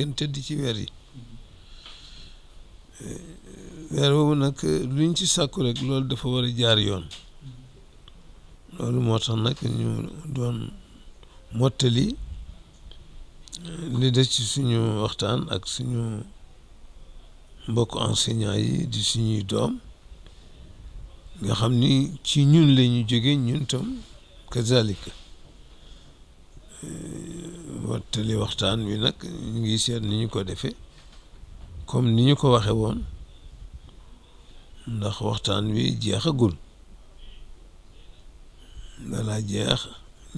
gën tëdd ci weer yi weer boobu nag luñ ci sàkku rek loolu dafa war a jaar yoon loolu moo tax nag ñu doon mottali eh, li des ci suñu waxtaan ak suñu mbokk enseignant yi di suñuy doom nga xam ni ci ñun la ñu jóge ñun tam kazalika eh, wattali waxtaan wi nag ñu ngi seet ni ñu ko defee comme ni ñu ko waxe woon ndax waxtaan wi jeexagul danaa jeex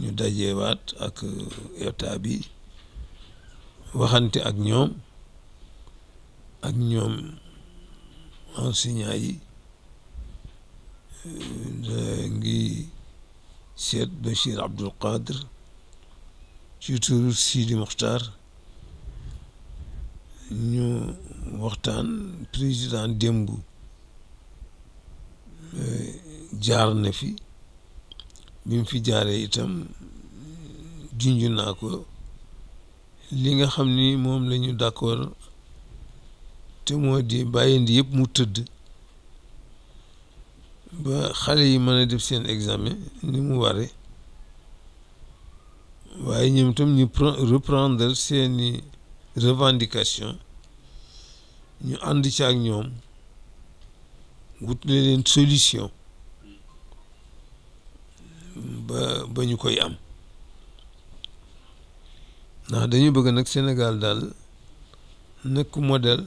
ñu dajewaat ak état bi waxante ak ñoom ak ñoom enseignant yi euh, da ngi seet Bachir Abdoul Khadre ci turu Sidi Mokhtar ñu waxtaan président démb euh, jaar na fi bi mu fi jaaree itam junj naa ko li nga xam ni moom lañu ñu d'accord te moo di bàyyindi yëpp mu tëdd ba xale yi mën a def seen examen ni mu waree waaye ñoom itam ñu reprendre seeni revendication ñu ànd ci ak ñoom wutale leen solution ba ba koy am ndax dañu bëgg nag senegal daal nekk model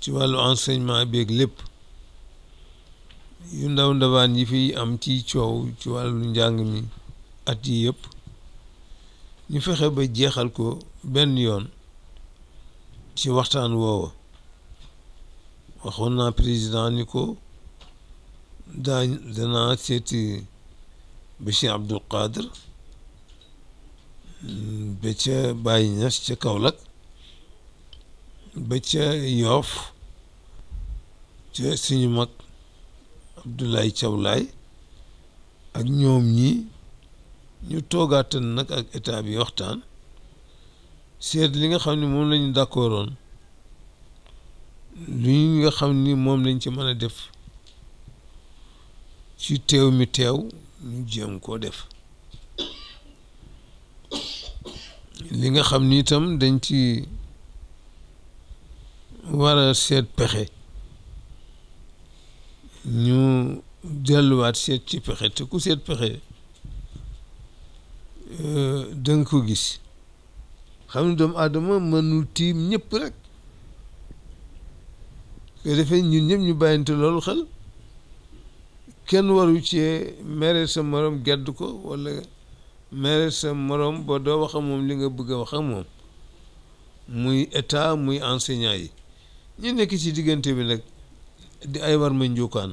ci wàllu enseignement beeg lépp yu ndaw ndawaan yi fiy am ci coow ci wàllu njàng mi at yii yëpp ñu fexe ba jeexal ko benn yoon ci waxtaan woowa waxoon naa président ni ko daa danaa seeti ba Cheikh Abdul Qadir ba ca Baye Niass ca Kaolack ba ca Yoof ca suñu mag Abdoulaye Thiaw ak ñoom ñi ñu toogaatan nag ak état bi waxtaan seet li nga xam ni moom lañu d'accordoon li nga xam ni moom lañ ci mën a def ci teew mi teew ñu jéem koo def li nga xam ni itam dañ ci war a seet pexe ñu delluwaat seet ci pexe te ku seet pexe danga ko gis xam ne doomu aadama mënul tiim ñëpp rek ko defee ñun ñëpp ñu bàyyante loolu xel kenn waru ci mere sa morom gedd ko walla mere sa morom ba doo wax ak moom li nga bëgg a wax ak moom muy état muy enseignant yi ñu nekk ci diggante bi nag di ay war ma njuukaan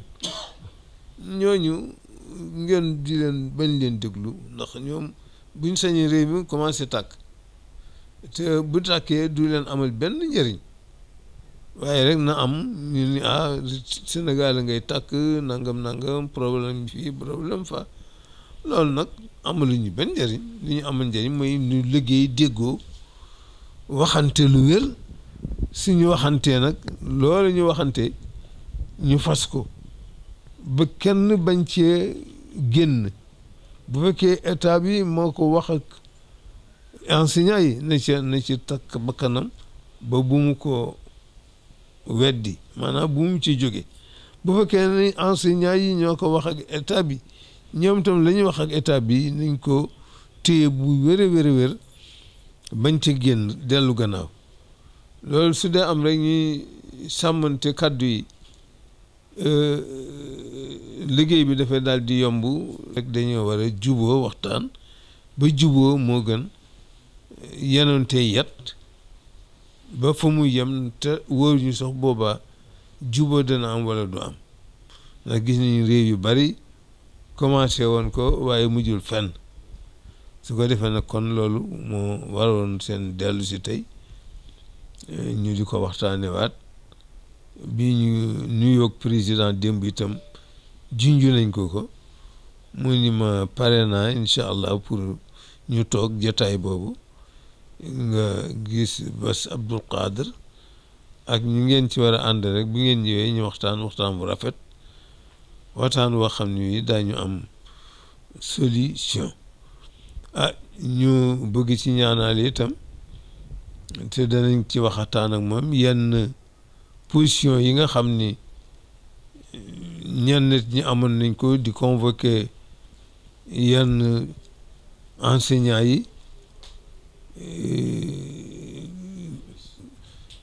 ñooñu ngeen di leen bañ leen déglu ndax ñoom bu ñu sañee réew mi commencé tàkk te bu tàkkee du leen amal benn njëriñ waaye rek na am ñu ni ah Sénégal ngay takk nangam nangam problème fii problème fa loolu nag amaluñu benn njëriñ li ñu amal njëriñ mooy ñu liggéey déggoo waxante lu wér suñu waxantee nag loolu ñu waxante ñu fas ko ba kenn bañ cee génn bu fekkee état bi moo ko wax ak enseignant yi na ci ci takk bakkanam ba bu mu ko weddi maanaam bu ci jóge bu fekkee ni enseignant yi ñoo ko wax ak état bi ñoom tam la ñuy wax ak état bi niñ ko téye bu wér bañ ci génn dellu gannaaw loolu su dee am rek ñuy sàmmante kàddu yi Euh, liggéey bi dafay daal di yomb rek dañoo war a juboo waxtaan ba juboo moo gën yenoonte yet ba fa mu yem te wóoruñu sax boobaa juboo dana am wala du am ndax gis nañu réew yu bari commencé woon ko waaye mujjul fenn su ko defee na kon loolu moo waroon seen dellu si tey ñu di ko waxtaane bi ñu nuyoo ak président démb itam junju nañ ko ko mu ni ma pare naa incha allah pour ñu toog jataay boobu nga gis bas Abdul ak ñu ngeen ci war a ànd rek bu ngeen ñëwee ñu waxtaan waxtaan bu rafet waxtaan woo xam ni daañu am solution a ah, ñu bëgg ci ñaanaale itam te danañ ci waxataan ak moom yenn position yi nga xam ni ñenn nit ñi amoon nañ ko di convoquer yenn enseignants yi euh,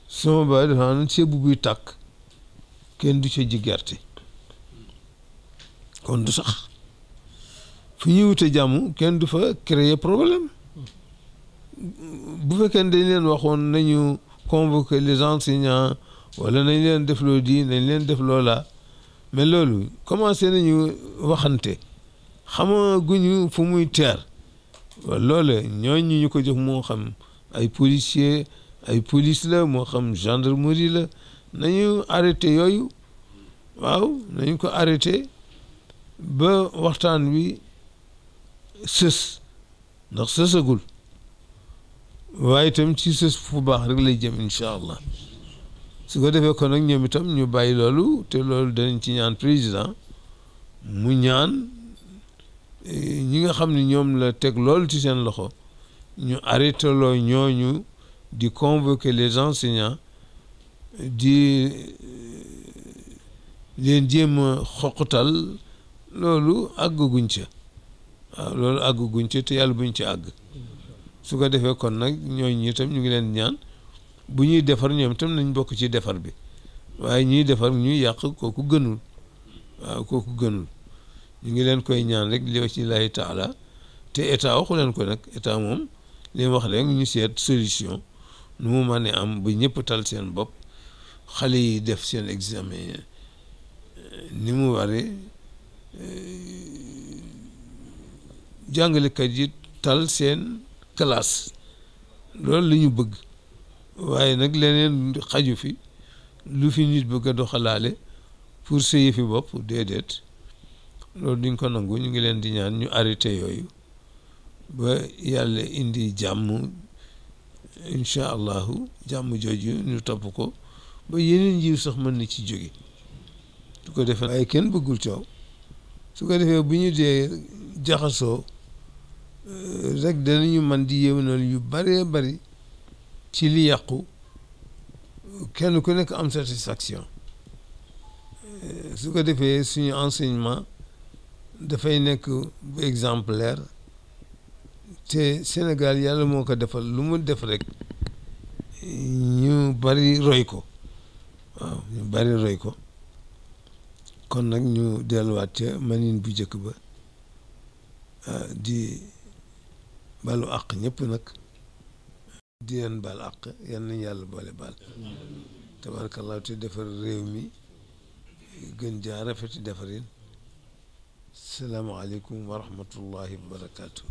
sama baay dafa sebu buy tàkk kenn du ca ji gerte kon du sax fu ñuy wute jàmm kenn du fa créer problème bu fekkee dañ leen waxoon nañu convoquer les enseignants wala nañ leen defloo di leen def loola mais loolu commencé nañu waxante xamaguñu fu muy teer loole ñooñu ñu ko jox moo xam ay policier ay police la moo xam gendarmerie la nañu arrêté yooyu waaw nañu ko arrêté ba waxtaan wi sës ndax sësagul waaye itam ci sës fu baax rek lay jëm incha allah su ko defee kon nag ñoom itam ñu bàyyi loolu te loolu danañ ci ñaan président mu ñaan e, ñi nga xam ni ñoom la teg loolu ci seen loxo ñu arrêté loo ñoo ñu di convoquer les enseignants di e, leen jéem a xoqatal loolu àgguñ ca waaw loolu àgguñ ca te yàlla buñ ci àgg su ko defee kon nag ñoo itam ñu ngi leen ñaan. bu ñuy defar ñoom tam nañ bokk ci defar bi waaye ñuy defar ñuy yàq kooku gënul waaw kooku gënul ñu ngi leen koy ñaan rek li ci laahi taala te état waxuleen leen ko nag état moom li wax rek ñu seet solution nu mu mën am bu ñëpp tal seen bopp xale yi def seen examen ni mu waree jàngalekat yi tal seen classe loolu lañu bëgg waaye nag leneen xaju fi lu fi nit bëgg a doxalaale pour sa fi bopp déedéet loolu duñ ko nangu ñu ngi leen di ñaan ñu arrêté yooyu ba yàlla indi jàmm incha allahu jàmm jooju ñu topp ko ba yeneen jiw sax mën na ci jóge su ko defee waaye kenn bëggul coow su ko defee bu ñu dee jaxasoo eh, rek danañu man di yéwénal yu bëree bëri ci li yàqu kenn ku nekk am satisfaction euh, su ko defee suñu enseignement dafay nekk bu exemplaire te Sénégal yàlla moo ko defal lu mu def rek ñu bari roy ko waaw ñu bari roy ko kon nag ñu delluwaat ca manin bu njëkk ba euh, di balu àq ñëpp nag di leen baal àq yal nañu yàlla boole baal tabaarkallaa te defar réew mi gën jaa rafeti defarin salaamaaleykum wa rahmatullahi wa barakaatu.